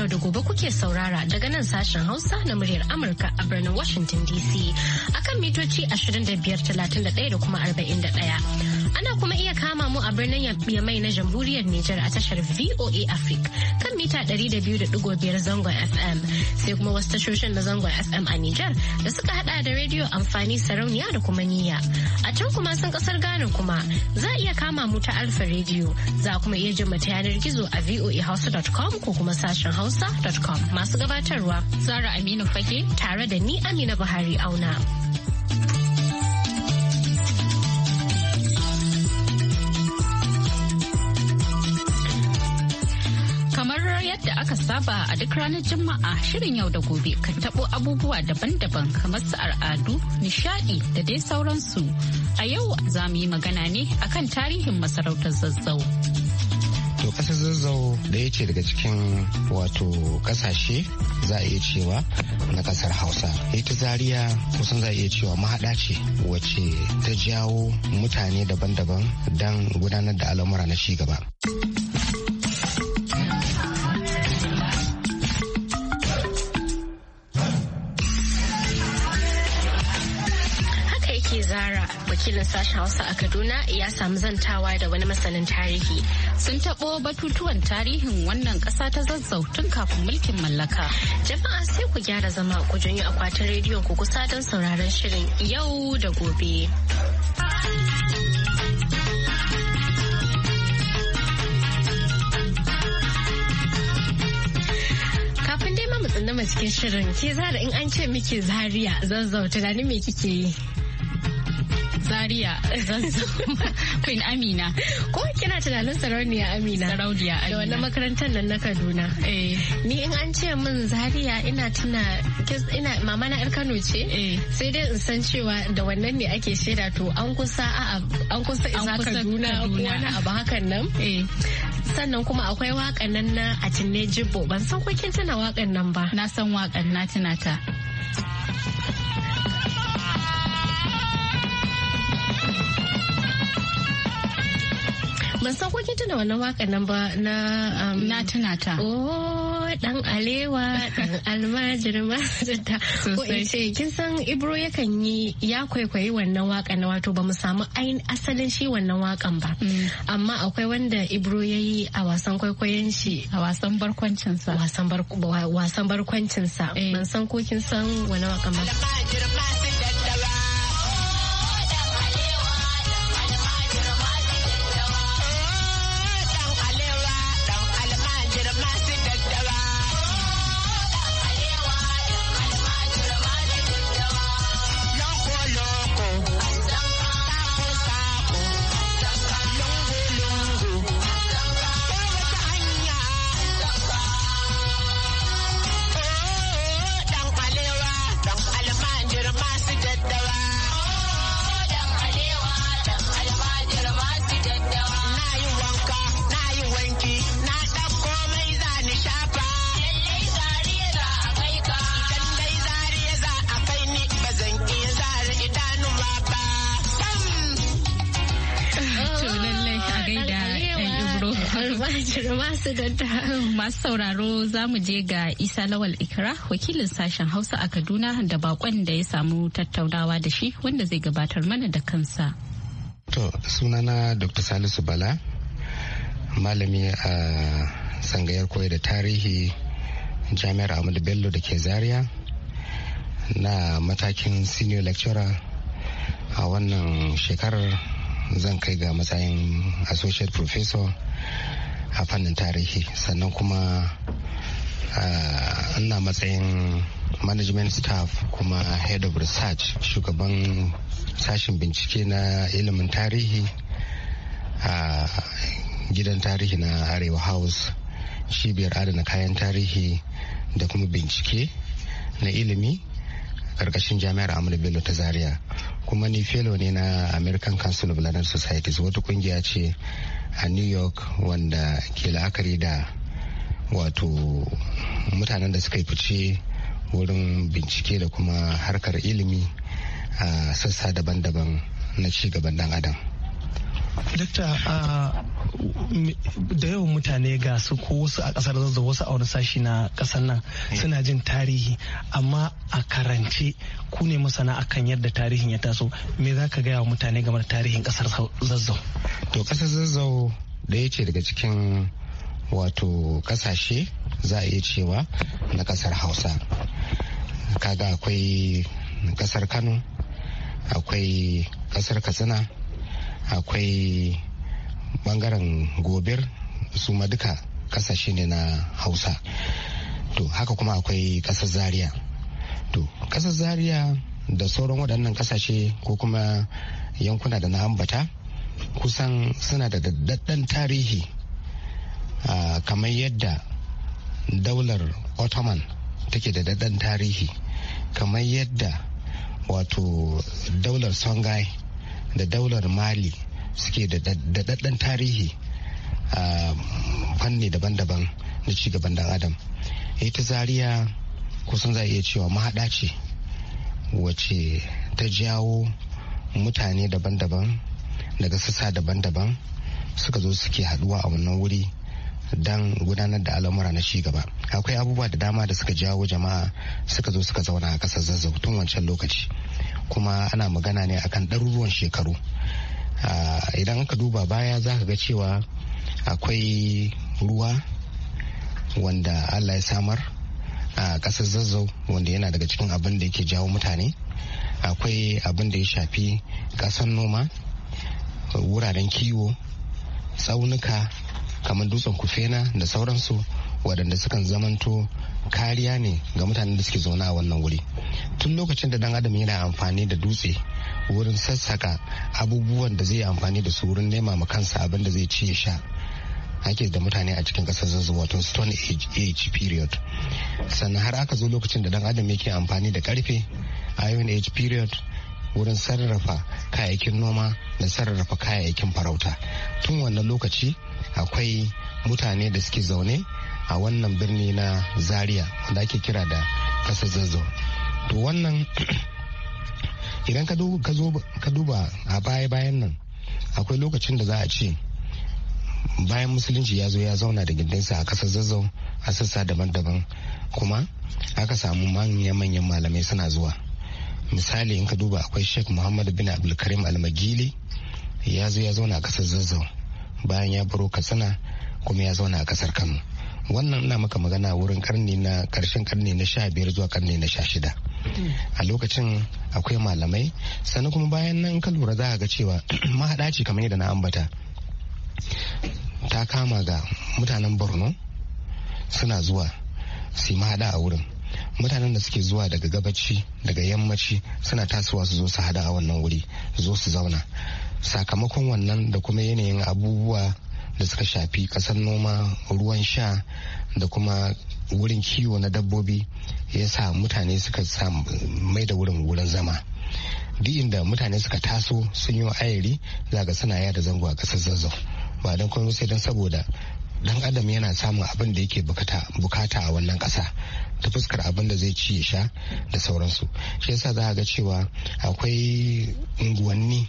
yau da gobe kuke saurara daga nan sashen Hausa na muryar Amurka a birnin Washington DC akan mitoci 25, 31 da kuma 41. Ana kuma iya kama mu a birnin Yamai na Jamhuriyar Nijar a tashar VOA Africa kan mita 200.5 zangon FM sai kuma wasu tashoshin na zangon FM a Nijar da suka hada da rediyo amfani sarauniya da kuma niyya. A can kuma sun kasar Ghana kuma za iya kama mu ta Alfa Radio za kuma iya jima ta yanar gizo a voahausa.com ko kuma sashen hausa.com masu gabatarwa. Zara Aminu Fage tare da ni Amina Buhari Auna. aka saba a duk ranar Juma'a shirin yau da gobe kan tabo abubuwa daban-daban kamar su al'adu, nishadi da dai sauransu. A yau za mu yi magana ne akan tarihin masarautar zazzau. to kasar zazzau da ya ce daga cikin wato kasashe za a iya cewa na ƙasar hausa ita zaria kusan za a iya cewa mahaɗa ce wacce ta jawo mutane daban-daban don gudanar da al'amura na ci gaba. wakilin sashen hausa a kaduna ya samu zantawa da wani masanin tarihi sun taɓo batutuwan tarihin wannan ƙasa ta zazzau tun kafin mulkin mallaka jama'a sai ku gyara zama ku janyo akwatin rediyon ku kusa don sauraron shirin yau da gobe. kafin dai tsinda cikin shirin ke zara in an ce miki zaria zazzau tunani me kike yi Zaria Zazzau Queen Amina. Ko kina tunanin sarauniya Amina? Sarauniya Amina. Da wannan makarantar nan na Kaduna. Eh. Ni in an ce min Zaria ina tuna ina mama na yar Kano ce. Eh. Sai dai in san cewa da wannan ne ake shaida to an kusa a an kusa isa Kaduna ko wani abu hakan nan. Eh. Sannan kuma akwai waƙan nan na a tunne Jibbo ban san ko kin tuna waƙan nan ba. Na san waƙan na tuna ta. ban san ko tuna wannan wakan nan ba na um, na tuna ta oh dan alewa dan almajirma ta ko in ce kin san ibro yakan yi ya kwaikwayi wannan wakan na wato ba mu samu ainihin asalin shi wannan wakan ba mm. amma akwai wanda ibro ya yi a wasan kwaikwayon shi a wasan barkwancin sa wasan barkwancin sa eh. ban san ko kin san wannan wakan ba masu sauraro za mu je ga isa lawal ikira wakilin sashen hausa a kaduna da bakon da ya samu tattaunawa da shi wanda zai gabatar mana da kansa to sunana dr salisu bala malami a sangayar koyar da tarihi jami'ar ahmadu bello da ke zaria na matakin senior lecturer a wannan shekarar zan kai ga matsayin associate professor a fannin tarihi sannan kuma ina matsayin management staff kuma head of research shugaban sashen bincike na ilimin tarihi a gidan tarihi na arewa house cibiyar adana kayan tarihi da kuma bincike na ilimi karkashin jami'ar amadu bello ta zaria kuma ni fellow ne na american council of learned societies wata kungiya ce a new york wanda ke la'akari da wato mutanen da suka yi fice wurin bincike da kuma harkar ilimi a sassa daban-daban na ci gaban dan adam Dakta da yawan mutane ga su ko wasu a kasar zazzau wasu a wani sashi na kasar nan suna jin tarihi amma a karance ku ne masana akan yadda tarihin ya taso me za ka gaya wa mutane game da tarihin kasar zazzau. To kasar zazzau da ya ce daga cikin wato kasashe za a iya cewa na kasar hausa kaga akwai kasar kano akwai kasar katsina akwai bangaren gobir su ma duka kasashe ne na hausa to haka kuma akwai kasar zaria to kasar zaria da sauran waɗannan kasashe ko kuma yankuna da na ambata kusan suna da daddaɗɗen tarihi kamar yadda daular ottoman take da daddaɗɗen tarihi kamar yadda wato daular songhai da daular mali suke da daɗaɗɗen tarihi a fanni daban-daban na cigaban dan adam ita Zariya kusan za iya cewa mahaɗa ce wace ta jawo mutane daban-daban daga sassa daban-daban suka zo suke haɗuwa a wannan wuri don gudanar da al'amura na cigaba akwai abubuwa da dama da suka jawo jama'a suka zo suka zauna a ƙasar zazzau tun wancan lokaci kuma ana magana ne akan ɗaruruwan shekaru idan aka duba baya za ka ga cewa akwai ruwa wanda allah ya samar a ƙasar zazzau wanda yana daga cikin abin da yake jawo mutane akwai abin da ya shafi ƙasar noma wuraren kiwo tsaunuka kamar dutsen kufena da sauransu waɗanda sukan zamanto kariya ne ga mutanen da suke zauna a wannan wuri tun lokacin da dan adam yana amfani da dutse wurin sassaka abubuwan da zai amfani da su wurin nema ma kansa abin da zai ci ya sha ake da mutane a cikin ƙasar zanzu wato stone age, age period sannan har aka zo lokacin da dan adam yake amfani da karfe iron age period wurin sarrafa kayayyakin noma da sarrafa kayayyakin farauta tun wannan lokaci akwai mutane da suke zaune a wannan birni na zaria wanda ake kira da kasa zazzau to wannan idan ka duba a baya-bayan nan akwai lokacin da za a ce bayan musulunci ya zo ya zauna da gindinsa a kasar zazzau a sassa daban-daban kuma aka samu manyan-manyan malamai suna zuwa misali in ka duba akwai sheikh muhammad bin abdulkarim almagili ya zo ya zauna a kasar zazzau bayan ya baro katsina kuma ya zauna a kasar kano wannan ina maka magana wurin karni na karshen karni na sha biyar zuwa karni na sha shida a lokacin akwai malamai sannan kuma bayan nan ka lura za ga cewa mahaɗa ce kamar yadda na ambata ta kama ga mutanen borno suna zuwa su mahaɗa a wurin mutanen da suke zuwa daga gabaci daga yammaci suna tasowa su zo su hada a wannan wuri zo su zauna sakamakon wannan da kuma yanayin abubuwa da suka shafi kasar noma ruwan sha da kuma wurin kiwo na dabbobi ya sa mutane suka mai da wurin wurin zama duk inda mutane suka taso sun yi ayari zaga suna yada zango a kasar zazzau ba don kuma sai don saboda dan adam yana samun abin da yake bukata a wannan kasa ta fuskar abin da zai ci ya sha da sauransu shi yasa za a ga cewa akwai unguwanni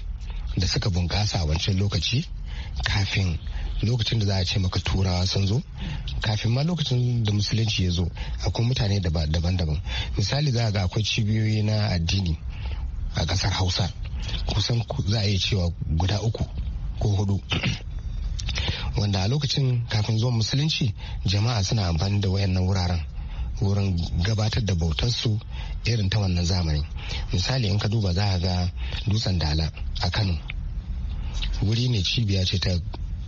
da suka bunkasa a wancan lokaci kafin lokacin da za a ce maka turawa sun zo kafin ma lokacin da musulunci ya zo akwai mutane daban-daban misali za a ga akwai cibiyoyi na addini a ƙasar hausa kusan za a iya cewa guda uku ko hudu wanda a lokacin kafin zuwan musulunci jama'a suna amfani da wayannan wuraren wurin gabatar da bautarsu irin ta wannan zamani misali in ka duba za a ga dutsen dala a kano wuri ne cibiya ce ta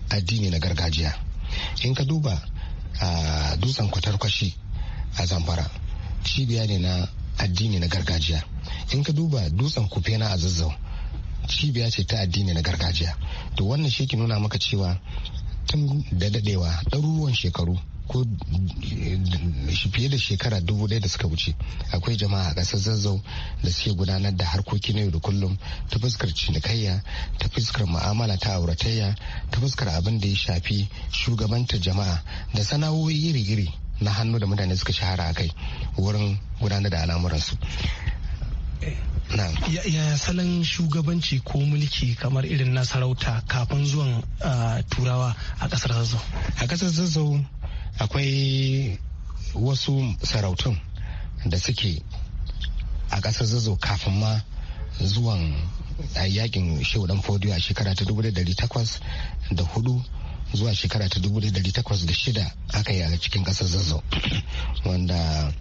addini na gargajiya in ka duba a dutsen kwatarkwashi a zamfara cibiya ne na addini na gargajiya in ka duba dutsen kufe na azazzau cibiya ce ta addini na gargajiya to wannan shi ke nuna maka cewa tun da dadewa ɗaruruwan shekaru ko fiye da shekara dubu ɗaya da suka wuce akwai jama'a a ƙasar zazzau da suke gudanar da harkoki na yau da kullum ta fuskar cinikayya ta fuskar mu'amala ta auratayya ta fuskar abin da ya shafi shugabantar jama'a da sana'o'i iri-iri na hannu da mutane suka shahara a kai wurin gudanar da al'amuransu yaya salon shugabanci ko mulki kamar irin na sarauta kafin zuwan ah, turawa a kasar zazzau a kasar zazzau akwai wasu sarautun da suke a ƙasar zazzau kafin ma zuwan yakin shehu fodiyo a shekara ta da hudu zuwa shekara ta shida aka yi a cikin ƙasar zazzau wanda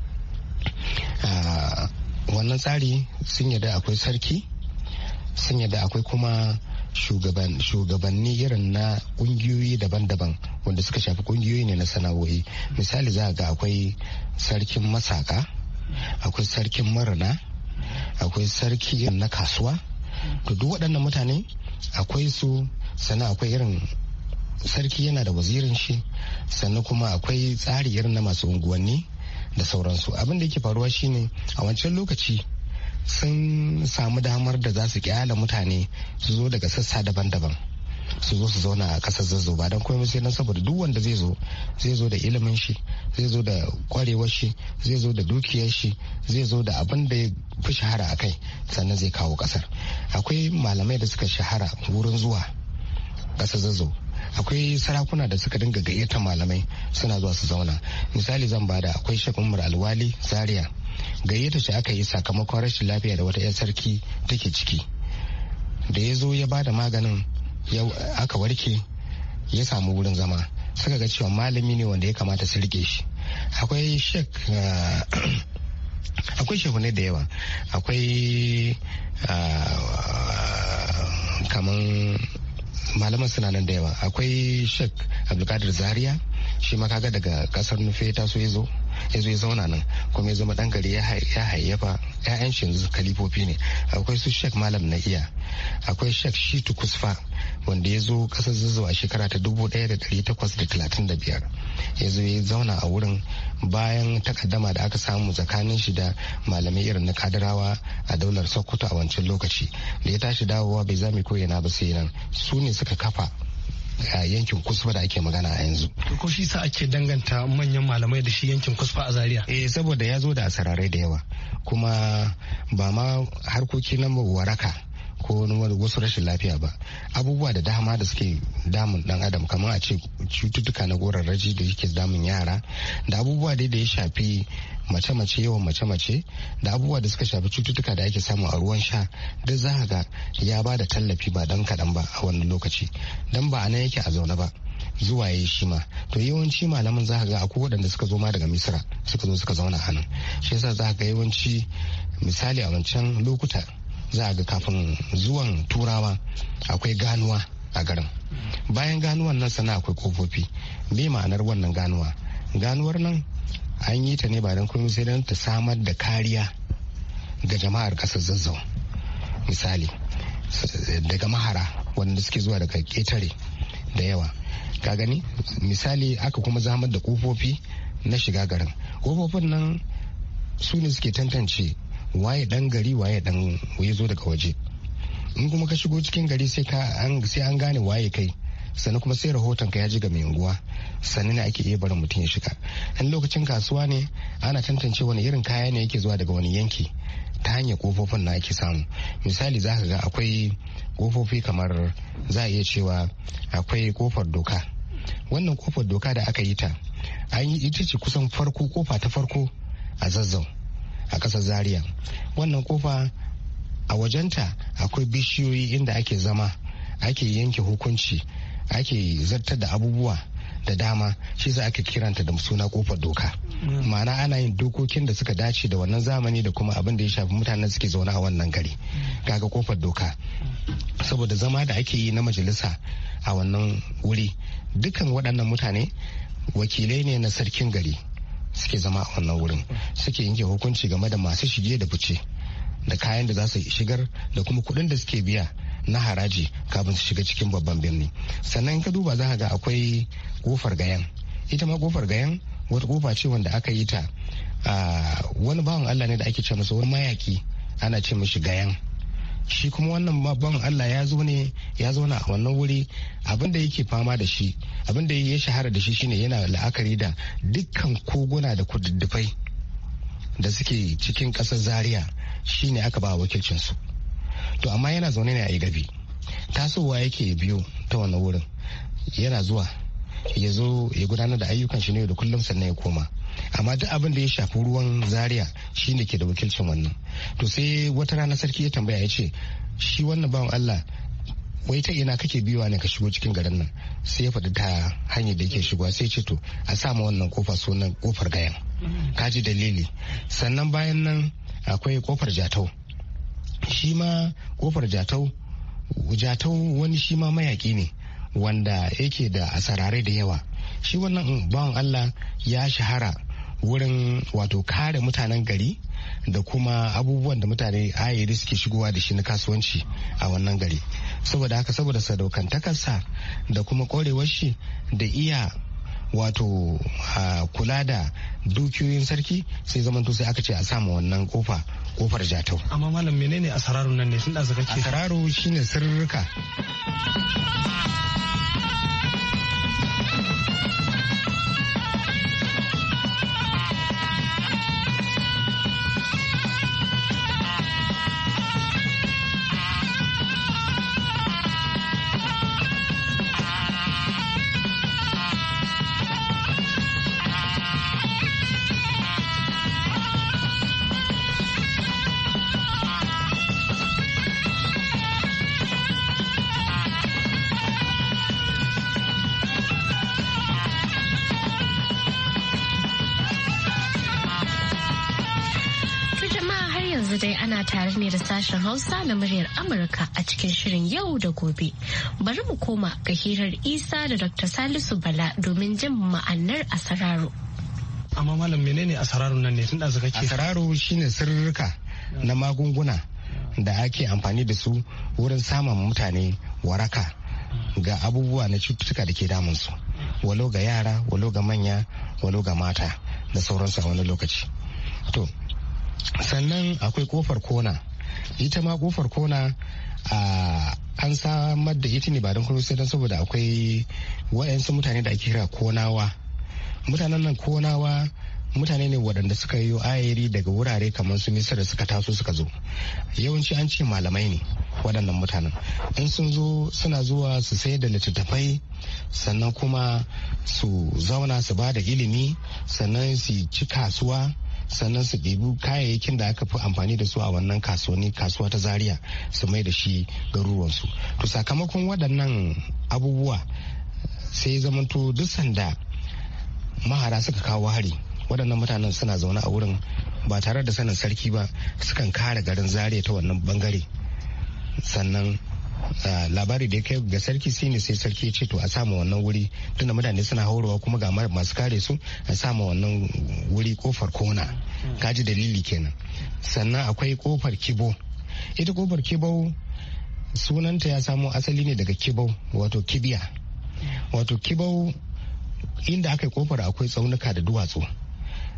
wannan tsari sun yada akwai sarki sun yada akwai kuma shugabanni irin na kungiyoyi daban-daban wanda suka shafi kungiyoyi ne na sana'o'i misali za ga akwai sarkin masaka akwai sarkin marana akwai sarki na kasuwa to duk waɗannan mutane akwai su sannan akwai irin sarki yana da wazirin shi sannan kuma akwai tsari irin na masu unguwanni da sauransu abin da yake faruwa shine a wancan lokaci sun samu damar da za su kyala mutane su zo daga sassa daban-daban su zo su zauna a kasar zazzau ba don komai sai nan saboda duk wanda zai zo zai zo da ilimin shi zai zo da kwarewar shi zai zo da dukiyar shi zai zo da abin da ya fi shahara a kai sannan zai kawo kasar akwai malamai da suka shahara wurin zuwa kasar zazzau akwai sarakuna da suka dinga gayyata malamai suna zuwa su zauna misali zan bada akwai shek mura alwali zaria gayyata shi aka yi sakamakon rashin lafiya da wata 'yan sarki take ciki da ya zo ya ba da maganin aka warke ya samu wurin zama suka ga cewa malami ne wanda ya kamata su rike shi akwai shek ah, akwai shehune da yawa akwai ah, kaman malaman suna nan da yawa akwai shek abdulkadir zaria shi ma kaga daga kasar nufe ta so ya zo ya zo ya zauna nan kuma ya zama dan gari ya hayyafa ƴaƴan shi yanzu kalifofi ne akwai su shek malam na iya akwai shek shitu kusfa wanda ya zo kasar zuzuwa shekara ta dubu ɗaya da ɗari takwas da talatin da biyar ya zo ya zauna a wurin bayan takaddama da aka samu tsakanin shi da malamai irin na kadarawa a daular sokoto a wancan lokaci da ya tashi dawowa bai zami ko yana ba sai nan su ne suka kafa a yankin kusfa da ake magana a yanzu ko shi sa ake danganta manyan malamai da shi yankin kusfa a zaria eh saboda ya zo da asararai da yawa kuma ba ma harkoki na waraka ko wasu rashin lafiya ba abubuwa da dama da suke damun dan adam kamar a ce cututtuka na gorarraji da yake damun yara da abubuwa dai da ya shafi mace-mace yawan mace-mace da abubuwa da suka shafi cututtuka da ake samu a ruwan sha duk za ga ya ba da tallafi ba dan kaɗan ba a wannan lokaci dan ba a nan yake a zaune ba zuwa ya yi shi ma to yawanci malaman za ga akwai waɗanda suka zo ma daga misira suka zo suka zauna a nan shi yasa za ga yawanci misali a wancan lokuta za a ga kafin zuwan turawa akwai ganuwa a garin bayan ganuwan nan sana akwai kofofi me ma'anar wannan ganuwa ganuwar nan an yi ta ne ba don kuma sai don ta samar da kariya ga jama'ar ƙasar zazzau misali daga mahara wanda suke zuwa daga ƙetare da yawa ka gani misali aka kuma zamar da kofofi na shiga garin kofofin nan su ne suke tantance waye dan gari waye dan ya zo daga waje in kuma ka shigo cikin gari sai ka an an gane waye kai sannan kuma sai rahoton ka ya ji ga mai unguwa sannan ne ake iya barin mutum ya shiga in lokacin kasuwa ne ana tantance wani irin kaya ne yake zuwa daga wani yanki ta hanyar kofofin na ake samu misali za ka ga akwai kofofi kamar za a iya cewa akwai kofar doka wannan kofar doka da aka yi ta an yi ita ce kusan farko kofa ta farko a zazzau a ƙasar zaria wannan kofa a wajenta akwai bishiyoyi inda ake zama ake yanke hukunci ake zartar da abubuwa da dama shi za ake kiranta da suna kofar doka mm. ma'ana ana yin dokokin da suka dace da wannan zamani da kuma abin da ya shafi mutanen suke zaune a wannan gari mm. kaga kofar doka saboda zama da ake yi na majalisa a wannan wuri dukkan waɗannan mutane wakilai ne na sarkin gari suke zama a wannan wurin suke yanke hukunci game da masu shige da fice da kayan da za su shigar da kuma kuɗin da suke biya na haraji kafin su shiga cikin babban birni sannan ka duba za ga akwai kofar gayan ita ma kofar gayan wata kofa ce wanda aka yi ta ah, wani bawan allah ne da ake ce masa wani mayaki ana ce mashi gayan shi kuma wannan babban Allah ya zo ne ya zauna a wannan wuri abinda yake fama da shi abin da ya shahara da shi shine yana la'akari da dukkan koguna da kududdufai da suke cikin ƙasar zaria shine aka ba wakilcinsu to amma yana zaune ne a gabi tasowa yake biyo ta wannan wurin yana zuwa ya zo ya gudanar da ayyukan shi ne da kullum sannan ya koma amma duk abin da ya shafi ruwan zaria shine ke da wakilcin wannan to sai wata rana sarki ya tambaya ya ce shi wannan bawan allah wai ta ina kake biyuwa ne ka shigo cikin garin nan sai ya faɗi ta hanyar da yake shigowa sai ce to a sa ma wannan kofa sunan kofar gayan kaji dalili sannan bayan nan akwai kofar jatau shi ma kofar jatau jatau wani shi ma mayaki ne wanda yake da asarare da yawa shi wannan bawan allah ya shahara wurin wato kare mutanen gari da kuma abubuwan da mutane ayyari suke shigowa da shi na kasuwanci a wannan gari saboda haka saboda sadaukantakarsa da kuma korewar shi da iya wato kula da dukiyoyin sarki sai zamanto sai aka ce a sama wannan kofa kofar jatau amma malam menene asararun nan ne sun da zaka ce asararu shine sirrika yanzu dai ana tare ne da sashen Hausa na muryar Amurka a cikin shirin yau da gobe. Bari mu koma ga hirar Isa da Dr. Salisu Bala domin jin ma'anar asararo. Amma malam menene asararo nan ne tun da zaka ke? Asararo shine sirrika na magunguna da ake amfani da su wurin samun mutane waraka ga abubuwa na cututtuka da ke damunsu. walo ga yara, walo ga manya, walo ga mata da sauransu a wani lokaci. To, sannan akwai kofar kona ita ma kofar kona a an samar da ita ne ba don sai don saboda akwai wa'yansu mutane da ake kira konawa mutanen nan konawa mutane ne waɗanda suka yi ayiri daga wurare kamar su misir da suka taso suka zo yawanci an ce malamai ne waɗannan mutanen in sun zo suna zuwa su sayar da littattafai sannan kuma su zauna su ba da ilimi sannan su ci kasuwa sannan su ɗibu kayayyakin da aka fi amfani da su a wannan kasuwanni kasuwa ta zaria su mai da shi garuruwansu to sakamakon waɗannan abubuwa sai zamanto duk sanda mahara suka kawo hari waɗannan mutanen suna zaune a wurin ba tare da sanin sarki ba sukan kare garin zaria ta wannan bangare sannan Ah, labari da ya kai ga sarki shine sai sarki ya ce to a samu wannan wuri tunda mutane suna haurawa kuma ga masu kare su a samu wannan wuri kofar kona hmm. kaji dalili kenan sannan akwai kofar kibo ita kofar kibo sunanta ya samo asali ne daga kibo wato kibiya hmm. wato kibo inda aka yi kofar akwai tsaunuka da duwatsu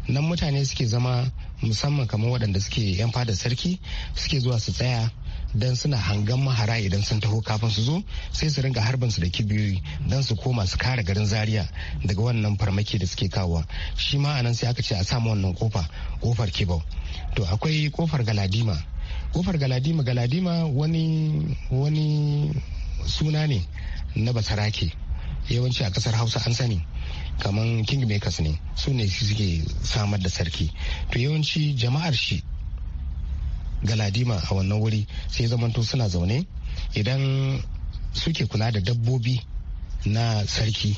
nan mutane suke zama musamman kamar waɗanda suke yan fada sarki suke zuwa su tsaya don suna hangan mahara idan sun taho kafin su zo sai su ringa harbin su da kibiyoyi don su koma su kare garin zaria daga wannan farmaki da suke kawowa shi ma anan sai aka ce a samu wannan kofa kofar kibau to akwai kofar galadima kofar galadima galadima wani wani suna ne na basarake yawanci a kasar hausa an sani kamar Makers ne su ne suke samar da sarki to yawanci jama'ar shi galadima a wannan wuri sai zamanto suna zaune idan suke kula da dabbobi na sarki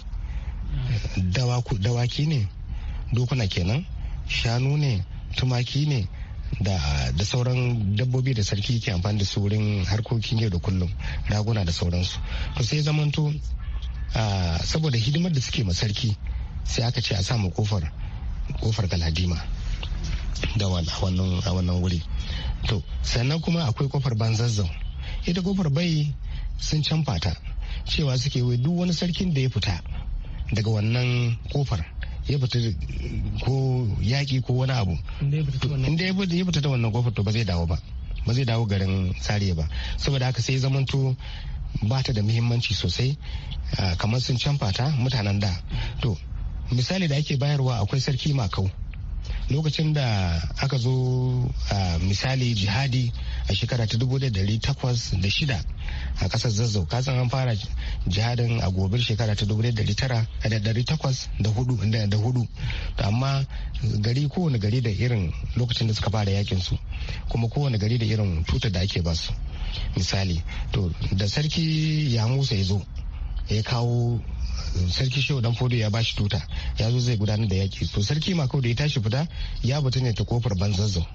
dawaki ne dokuna kenan shanu ne tumaki ne da, sauran dabbobi da sarki ke amfani da su wurin harkokin yau da kullum raguna da sauransu to sai zamanto saboda hidimar da suke ma sarki sai aka ce a samu kofar galadima da wannan wuri to sannan kuma akwai kofar banzazzau ita kofar bai sun canfa ta cewa suke wai duk wani sarkin da ya fita daga wannan kofar ya fita ko yaƙi ko wani abu inda ya fita ta wannan kofar to ba zai dawo ba ba zai dawo garin sariya ba saboda haka sai zamanto ba ta da muhimmanci sosai ah, kamar sun canfa ta mutanen da to misali da ake bayarwa akwai sarki makau lokacin da aka zo a misali jihadi a shekara ta dubu da dari takwas da shida a kasar zazzau kasan an fara jihadin a gobe shekara ta dubu da dari tara da dari takwas da hudu da amma gari kowane gari da irin lokacin da suka fara yakin su kuma kowane gari da irin tutar da ake basu misali to da sarki ya musa ya zo ya kawo eh, sarki shehu dan fodo ya bashi tuta ya zo zai gudanar da yaki to sarki makau da ya tashi fita ya fita ne ta kofar banzazzo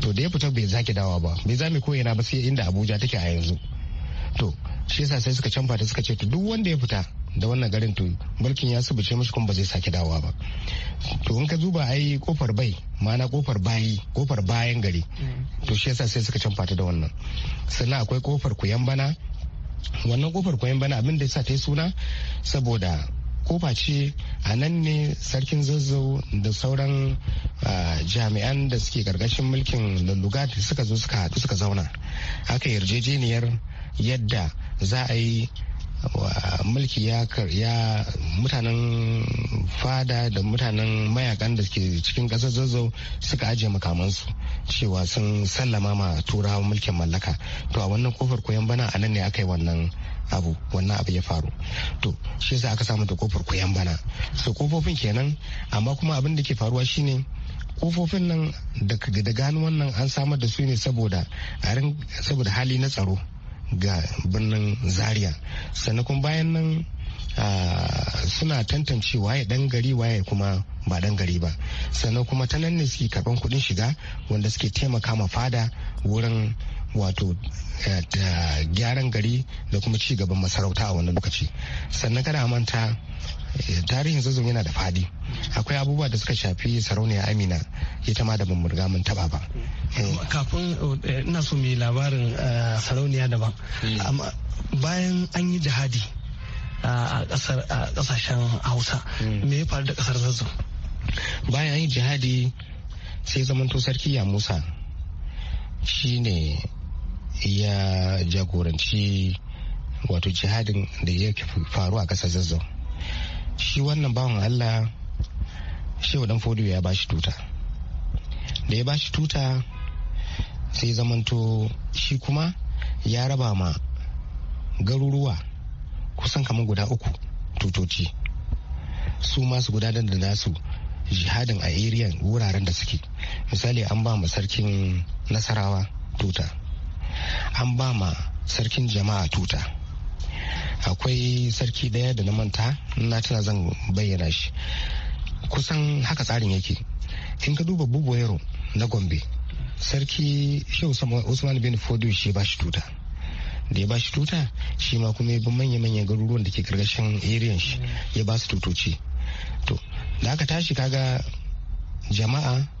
to da ya fita bai zaki dawa ba bai mu koyi na ba sai inda abuja take a yanzu to shi yasa sai suka canfa ta suka ce to duk wanda ya fita da wannan garin to mulkin ya subuce mashi kuma ba zai sake dawa ba to in ka zuba ai kofar bai ma'ana kofar bayi kofar bayan gari mm. to shi yasa sai suka canfa ta da wannan sannan akwai kofar kuyan bana wannan kofar koyon bana abin da ya sa ta yi suna saboda kofa ce a nan ne sarkin zazzau da sauran jami'an da suke karkashin mulkin lullugat suka zo suka haɗu suka zauna haka yarjejeniyar yadda za a yi mulki ya mutanen fada da mutanen mayakan da ke cikin kasar zazzau suka ajiye makamansu cewa sun sallama ma turawa mulkin mallaka to a wannan kofar koyan bana a nan ne aka yi wannan abu wannan abu ya faru to shi yasa aka samu da kofar koyan bana so kofofin kenan amma kuma abin da ke faruwa shine kofofin nan da gano wannan an samar da su ne saboda saboda hali na tsaro ga birnin zaria sannan kuma bayan nan suna tantance waye dan gari waye kuma ba dan gari ba sannan kuma ta nan ne suke karban kudin shiga wanda suke taimaka ma fada wurin wato eh, gyaran gari da kuma ci gaban masarauta a wannan lokaci sannan kada manta Eh, tarihin zazzau yana da fadi akwai abubuwa da suka shafi sarauniya amina ita ma da ban mun taba ba eh. kafin eh, ina so mai labarin sarauniya daban hmm. bayan an yi jihadi a kasashen hausa hmm. me ya faru da kasar zazzau bayan an yi jihadi sai zamanto sarki ya musa shine ya jagoranci wato jihadin da ya faru a kasar zazzau shi wannan bawan allah shehu dan fodiyo ya bashi tuta da ya bashi tuta sai zamanto shi kuma ya raba ma garuruwa kusan kamar guda uku tutoci su masu gudanar da nasu jihadin a eriyan wuraren da suke misali an ba ma sarkin nasarawa tuta an ba ma sarkin jama'a tuta akwai sarki daya da na manta na tana zan bayyana shi kusan haka tsarin yake in ka duba bubuyar na gombe sarki shehu usman bin fodiyo shi ba shi tuta da ya ba shi tuta shi ma kuma ya bi manya-manyan garuruwan da ke karkashin area shi ya ba su tutoci to da aka tashi kaga jama'a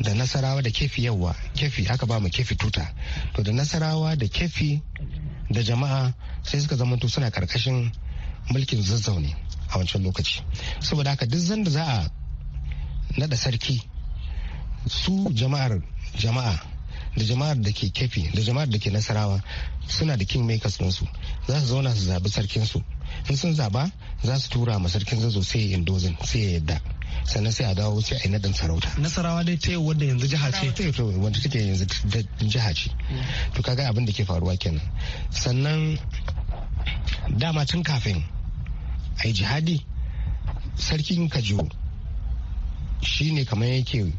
da nasarawa da kefi yawa kefi aka ba mu kefi tuta to da nasarawa da kefi da jama'a sai suka zama zamanto suna karkashin mulkin zazzaune a wancan lokaci saboda haka duk zanda za a nada sarki su jama'ar jama'a da jama'ar da ke kefi da jama'ar da ke nasarawa suna da makers ɗinsu za su zauna su zaɓi sarkinsu in sun zaɓa za su tura ma sarkin zazo sai ya yi sai ya yadda sannan sai a dawo sai a yi naɗin sarauta nasarawa dai ta yau wanda yanzu jiha ce eh, ta yau wanda take yanzu jiha ce to kaga abin da ke faruwa kenan sannan dama tun kafin a yi jihadi sarkin kajo shi ne kamar yake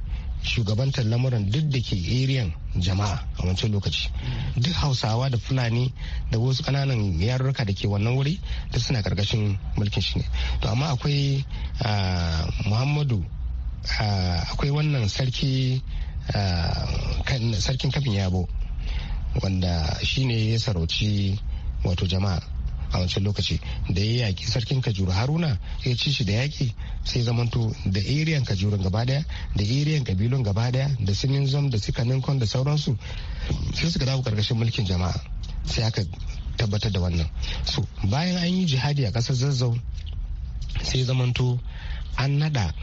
shugabantar lamuran duk da ke eriyan jama'a a wancan lokaci duk hausawa da fulani da wasu kananan yarurruka da ke wannan wuri da suna karkashin mulkin shi ne to amma akwai muhammadu akwai wannan sarki sarkin kafin yabo wanda ne ya sarauci wato jama'a a wancan lokaci da ya yaki sarkin kajuru haruna ya ci shi da yaki sai zamanto da eriyan Kajuru gaba daya da eriyan kabilun gaba daya da sinin zom da suka ninkon da sauransu sai suka dawo karkashin mulkin jama'a sai aka tabbatar da wannan so bayan an yi jihadi a ƙasar zazzau sai zamanto an nada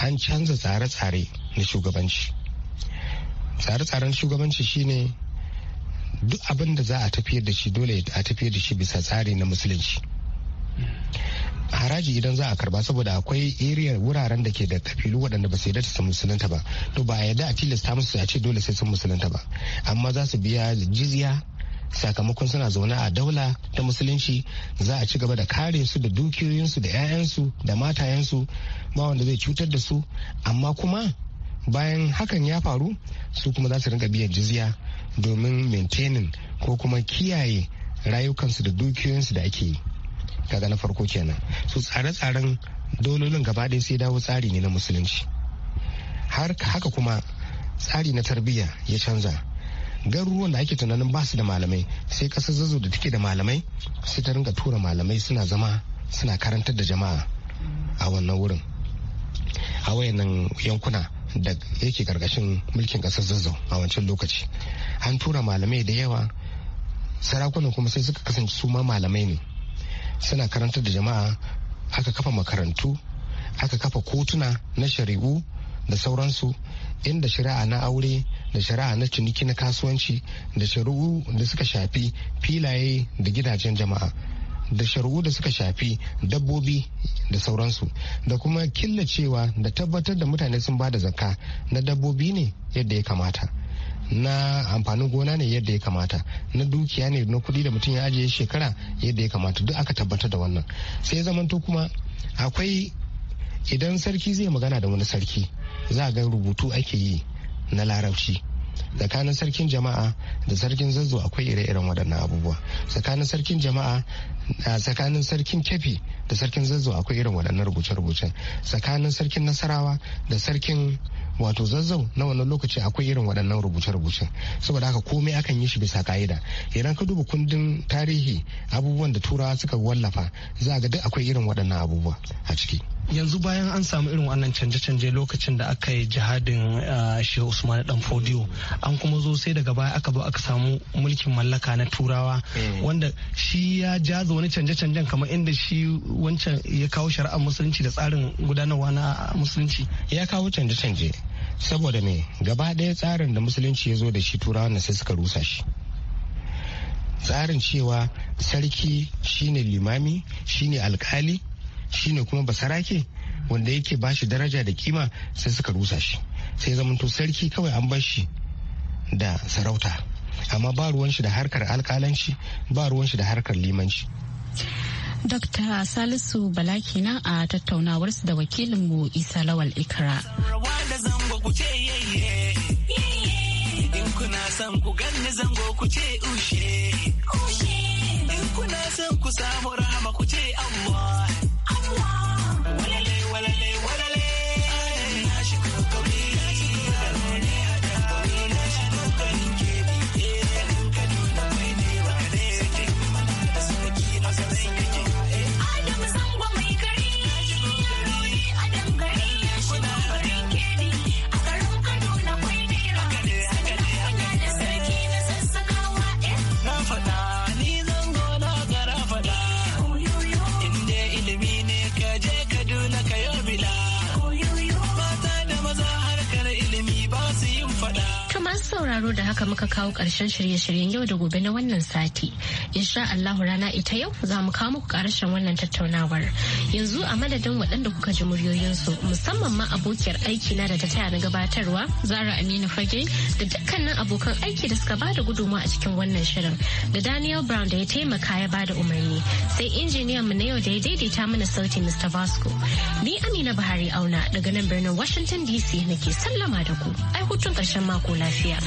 an canza tsare-tsare na shugabanci tsare-tsaren shugabanci shine duk abin da za a tafiyar da shi dole a tafiyar da shi bisa tsari na musulunci haraji idan za a karba saboda akwai area wuraren da ke da kafilu waɗanda ba su yarda su musulunta ba to ba a yarda a tilasta musu a ce dole sai sun musulunta ba amma za su biya jizya sakamakon suna zaune a daula ta musulunci za a ci gaba da kare su da dukiyoyinsu da 'ya'yansu da matayensu ba wanda zai cutar da su amma kuma bayan hakan ya faru su kuma za su rinka biyan jizya domin maintaining ko kuma kiyaye rayukansu da dukiyoyinsu da ake yi kaga na farko kenan su tsare-tsaren dololin gaba ɗaya sai dawo tsari ne na musulunci haka kuma tsari na tarbiyya ya canza garuruwan da ake tunanin ba su da malamai sai kasar zazzau da take da malamai sai ta ringa tura malamai suna zama suna karantar da jama'a a wannan wurin a wayannan yankuna da yake karkashin mulkin kasar zazzau a wancan lokaci an tura malamai da yawa sarakunan kuma sai suka kasance su ma malamai ne suna karantar da jama'a aka kafa makarantu aka kafa kotuna na shari'u da sauransu inda shari'a na aure da shari'a na ciniki na kasuwanci da shari'u da suka shafi filaye da gidajen jama'a da shari'u da suka shafi dabbobi da sauransu da kuma killacewa da tabbatar da mutane sun ba da zakka na dabbobi ne yadda ya kamata na amfanin gona ne yadda ya kamata na dukiya ne na kudi da mutum ya ajiye shekara yadda ya kamata duk aka tabbatar da wannan sai zamanto kuma akwai idan sarki zai magana da wani sarki za ga rubutu ake yi na larabci tsakanin sarkin jama'a da sarkin zazzo akwai ire-iren waɗannan abubuwa tsakanin sarkin jama'a tsakanin sarkin kefi da sarkin zazzau akwai irin waɗannan rubuce-rubucen tsakanin sarkin nasarawa da sarkin wato zazzau na wannan lokaci akwai irin waɗannan rubuce-rubucen saboda haka komai akan yi shi bisa ka'ida idan ka duba kundin tarihi abubuwan da turawa suka wallafa za ga duk akwai irin waɗannan abubuwa a ciki yanzu bayan an samu irin wannan canje-canje lokacin da aka yi jihadin ah, shehu usman dan fodiyo an kuma zo sai daga baya aka zo aka samu mulkin mallaka na turawa eh. wanda shi ya jaza wani canje-canjen kamar inda shi wancan ya kawo shari'ar musulunci da tsarin gudanarwa na musulunci ya kawo canje-canje saboda me gaba ɗaya tsarin da musulunci ya zo da shi turawa na sai suka rusa shi tsarin cewa sarki shine limami shine alkali shine kuma basarake wanda yake ba shi daraja da kima sai suka rusa shi sai zamanto sarki kawai an bar shi da sarauta amma ba ruwan shi da harkar alkalanci ba ruwan shi da harkar limanci Dr. Salisu Bala kenan a tattaunawarsu da wakilinmu Isa Lawal Ikra. ganni zango kuna son ku samu rahama ku ce Allah. karshen shirye-shiryen yau da gobe na wannan sati. Insha Allahu rana ita yau za mu kawo muku karshen wannan tattaunawar. Yanzu a madadin waɗanda kuka ji muryoyinsu musamman ma abokiyar aiki na da ta taya na gabatarwa Zara Aminu Fage da dukkanin abokan aiki da suka bada gudunmawa a cikin wannan shirin da Daniel Brown da ya taimaka ya bada umarni sai injiniyan mu na yau da ya daidaita mana sauti Mr. Vasco. Ni Amina Buhari Auna daga nan birnin Washington DC nake sallama da ku. Ai hutun karshen mako lafiya.